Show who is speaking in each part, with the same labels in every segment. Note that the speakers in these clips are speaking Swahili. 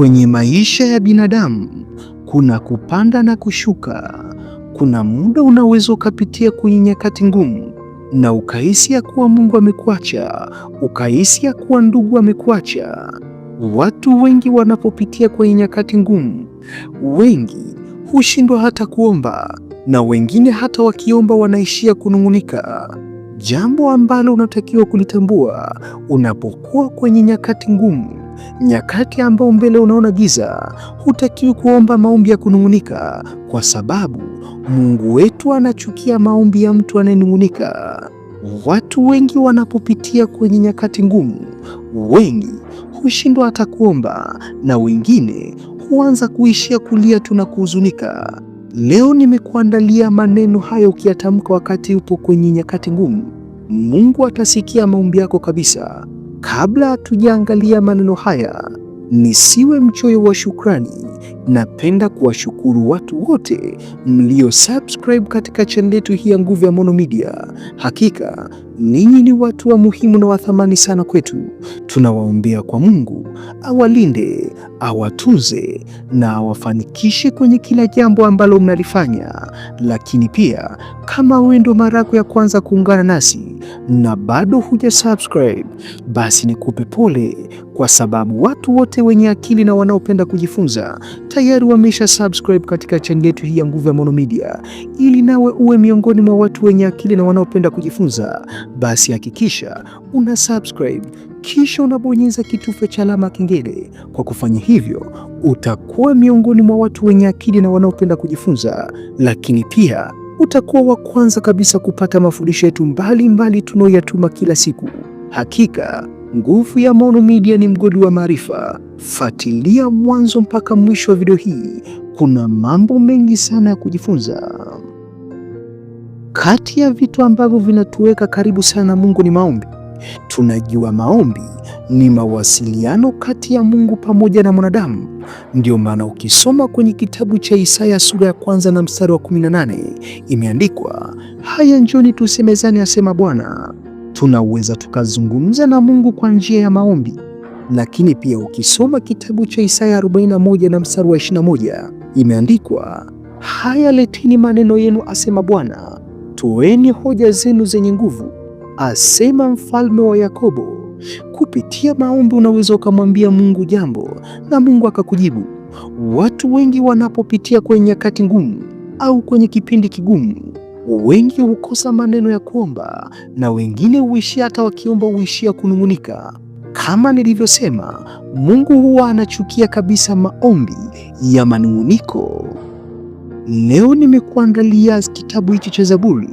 Speaker 1: Kwenye maisha ya binadamu kuna kupanda na kushuka. Kuna muda unaweza ukapitia kwenye nyakati ngumu na ukahisi ya kuwa Mungu amekuacha, ukahisi ya kuwa ndugu amekuacha. Watu wengi wanapopitia kwenye nyakati ngumu, wengi hushindwa hata kuomba, na wengine hata wakiomba wanaishia kunung'unika. Jambo ambalo unatakiwa kulitambua unapokuwa kwenye nyakati ngumu nyakati ambao mbele unaona giza, hutakiwi kuomba maombi ya kunung'unika, kwa sababu Mungu wetu anachukia maombi ya mtu anayenung'unika. Watu wengi wanapopitia kwenye nyakati ngumu, wengi hushindwa hata kuomba na wengine huanza kuishia kulia tu na kuhuzunika. Leo nimekuandalia maneno hayo ukiyatamka wakati upo kwenye nyakati ngumu, Mungu atasikia maombi yako kabisa. Kabla tujaangalia maneno haya, nisiwe mchoyo wa shukrani, napenda kuwashukuru watu wote mlio subscribe katika chaneli yetu hii ya Nguvu ya Maono Media. Hakika ninyi ni watu wa muhimu na wa thamani sana kwetu. Tunawaombea kwa Mungu awalinde, awatunze na awafanikishe kwenye kila jambo ambalo mnalifanya. Lakini pia kama wewe ndo mara yako ya kwanza kuungana nasi na bado huja subscribe, basi nikupe pole, kwa sababu watu wote wenye akili na wanaopenda kujifunza tayari wamesha subscribe katika chaneli yetu hii ya Nguvu ya Maono Media, ili nawe uwe miongoni mwa watu wenye akili na wanaopenda kujifunza basi hakikisha una subscribe kisha unabonyeza kitufe cha alama kengele. Kwa kufanya hivyo, utakuwa miongoni mwa watu wenye akili na wanaopenda kujifunza, lakini pia utakuwa wa kwanza kabisa kupata mafundisho yetu mbalimbali tunayoyatuma kila siku. Hakika nguvu ya Maono Media ni mgodi wa maarifa. Fuatilia mwanzo mpaka mwisho wa video hii, kuna mambo mengi sana ya kujifunza. Kati ya vitu ambavyo vinatuweka karibu sana na Mungu ni maombi. Tunajua maombi ni mawasiliano kati ya Mungu pamoja na mwanadamu. ndio maana ukisoma kwenye kitabu cha Isaya sura ya kwanza na mstari wa 18 imeandikwa, haya njoni tusemezane, asema Bwana. Tunaweza tukazungumza na Mungu kwa njia ya maombi. Lakini pia ukisoma kitabu cha Isaya 41 na mstari wa 21 imeandikwa, haya leteni maneno yenu, asema Bwana, toeni hoja zenu zenye nguvu, asema mfalme wa Yakobo. Kupitia maombi unaweza ukamwambia Mungu jambo na Mungu akakujibu. Watu wengi wanapopitia kwenye nyakati ngumu au kwenye kipindi kigumu, wengi hukosa maneno ya kuomba na wengine huishia hata wakiomba huishia kunung'unika. Kama nilivyosema, Mungu huwa anachukia kabisa maombi ya manung'uniko. Leo nimekuandalia kitabu hichi cha Zaburi.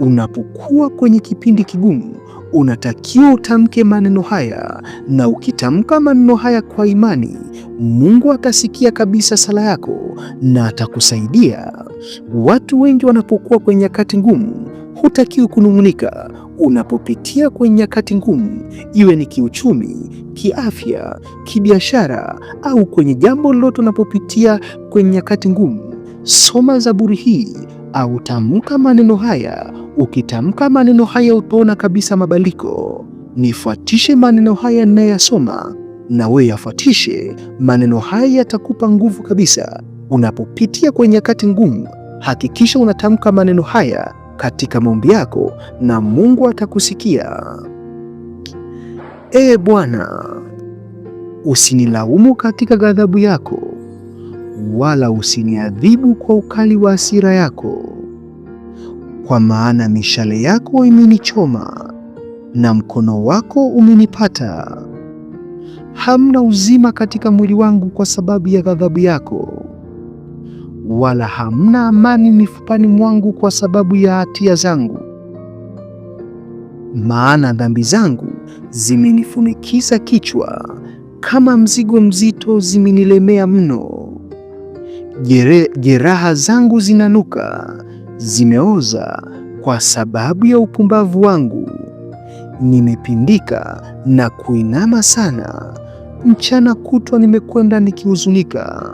Speaker 1: Unapokuwa kwenye kipindi kigumu, unatakiwa utamke maneno haya, na ukitamka maneno haya kwa imani, Mungu atasikia kabisa sala yako na atakusaidia. Watu wengi wanapokuwa kwenye nyakati ngumu, hutakiwi kunung'unika. Unapopitia kwenye nyakati ngumu, iwe ni kiuchumi, kiafya, kibiashara au kwenye jambo lolote, unapopitia kwenye nyakati ngumu soma Zaburi hii au tamka maneno haya. Ukitamka maneno haya utaona kabisa mabadiliko. Nifuatishe maneno haya ninayasoma, na wewe yafuatishe. Maneno haya yatakupa nguvu kabisa. Unapopitia kwenye nyakati ngumu, hakikisha unatamka maneno haya katika maombi yako, na Mungu atakusikia. Ee Bwana, usinilaumu katika ghadhabu yako wala usiniadhibu kwa ukali wa hasira yako, kwa maana mishale yako imenichoma na mkono wako umenipata. Hamna uzima katika mwili wangu kwa sababu ya ghadhabu yako, wala hamna amani mifupani mwangu kwa sababu ya hatia zangu. Maana dhambi zangu zimenifunikiza kichwa, kama mzigo mzito zimenilemea mno. Jere, jeraha zangu zinanuka, zimeoza kwa sababu ya upumbavu wangu. Nimepindika na kuinama sana, mchana kutwa nimekwenda nikihuzunika,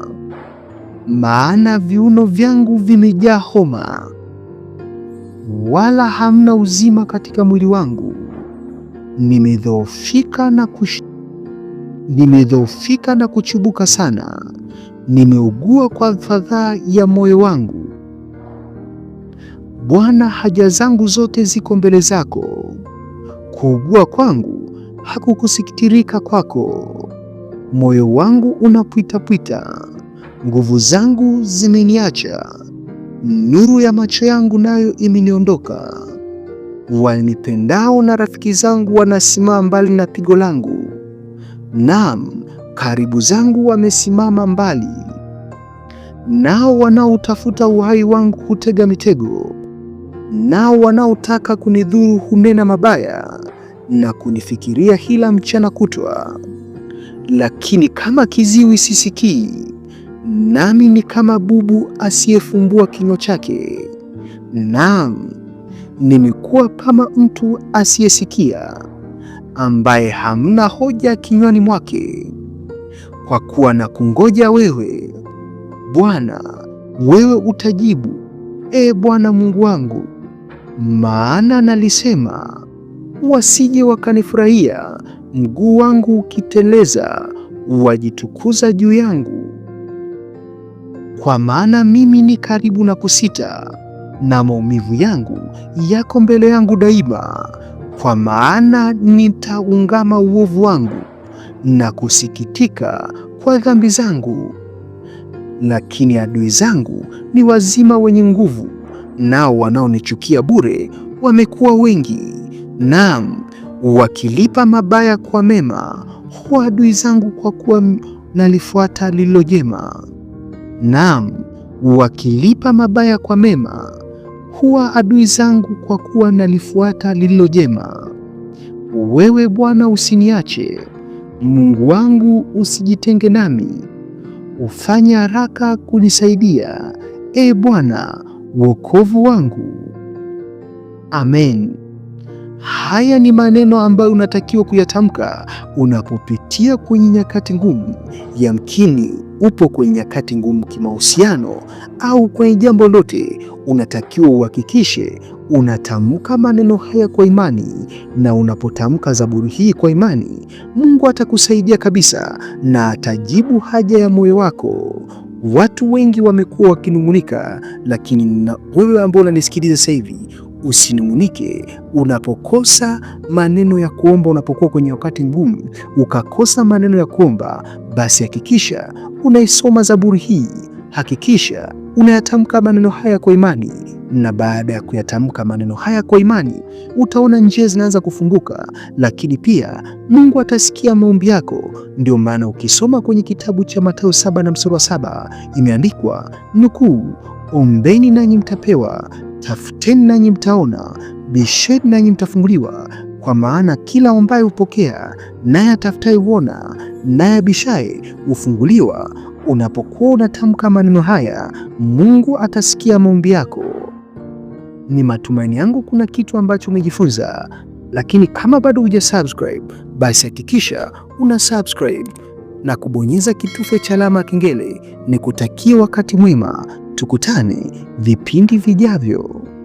Speaker 1: maana viuno vyangu vimejaa homa, wala hamna uzima katika mwili wangu. Nimedhoofika na kush... nimedhoofika na kuchubuka sana nimeugua kwa fadhaa ya moyo wangu. Bwana, haja zangu zote ziko mbele zako. Kuugua kwangu hakukusikitirika kwako. Moyo wangu unapwitapwita, nguvu zangu zimeniacha, nuru ya macho yangu nayo imeniondoka. Wanipendao na rafiki zangu wanasimama mbali na pigo langu. Naam, karibu zangu wamesimama mbali, nao wanaotafuta uhai wangu hutega mitego, nao wanaotaka kunidhuru hunena mabaya na kunifikiria hila mchana kutwa. Lakini kama kiziwi sisikii, nami ni kama bubu asiyefumbua kinywa chake. Naam, nimekuwa kama mtu asiyesikia ambaye hamna hoja kinywani mwake kwa kuwa na kungoja wewe Bwana, wewe utajibu. E Bwana Mungu wangu, maana nalisema, wasije wakanifurahia, mguu wangu ukiteleza, wajitukuza juu yangu. Kwa maana mimi ni karibu na kusita, na maumivu yangu yako mbele yangu daima. Kwa maana nitaungama uovu wangu na kusikitika kwa dhambi zangu, lakini adui zangu ni wazima wenye nguvu, nao wanaonichukia bure wamekuwa wengi. Naam, wakilipa mabaya kwa mema, huwa adui zangu, kwa kuwa nalifuata lililo jema. Naam, wakilipa mabaya kwa mema, huwa adui zangu, kwa kuwa nalifuata lililo jema. Wewe Bwana, usiniache Mungu wangu usijitenge nami, ufanye haraka kunisaidia, e Bwana wokovu wangu. Amen. Haya ni maneno ambayo unatakiwa kuyatamka unapopitia kwenye nyakati ngumu. Yamkini upo kwenye nyakati ngumu kimahusiano au kwenye jambo lote unatakiwa uhakikishe unatamka maneno haya kwa imani, na unapotamka Zaburi hii kwa imani, Mungu atakusaidia kabisa na atajibu haja ya moyo wako. Watu wengi wamekuwa wakinung'unika, lakini na wewe ambao unanisikiliza sasa hivi usinung'unike unapokosa maneno ya kuomba. Unapokuwa kwenye wakati mgumu ukakosa maneno ya kuomba, basi hakikisha unaisoma Zaburi hii, hakikisha unayatamka maneno haya kwa imani, na baada ya kuyatamka maneno haya kwa imani, utaona njia zinaanza kufunguka, lakini pia Mungu atasikia maombi yako. Ndio maana ukisoma kwenye kitabu cha Mathayo saba na mstari wa saba imeandikwa nukuu, ombeni nanyi mtapewa, tafuteni nanyi mtaona, bisheni nanyi mtafunguliwa kwa maana kila ombaye hupokea, naye atafutaye huona, naye abishaye hufunguliwa. Unapokuwa unatamka maneno haya, Mungu atasikia maombi yako. Ni matumaini yangu kuna kitu ambacho umejifunza, lakini kama bado huja subscribe, basi hakikisha una subscribe na kubonyeza kitufe cha alama kengele. Ni kutakia wakati mwema, tukutane vipindi vijavyo.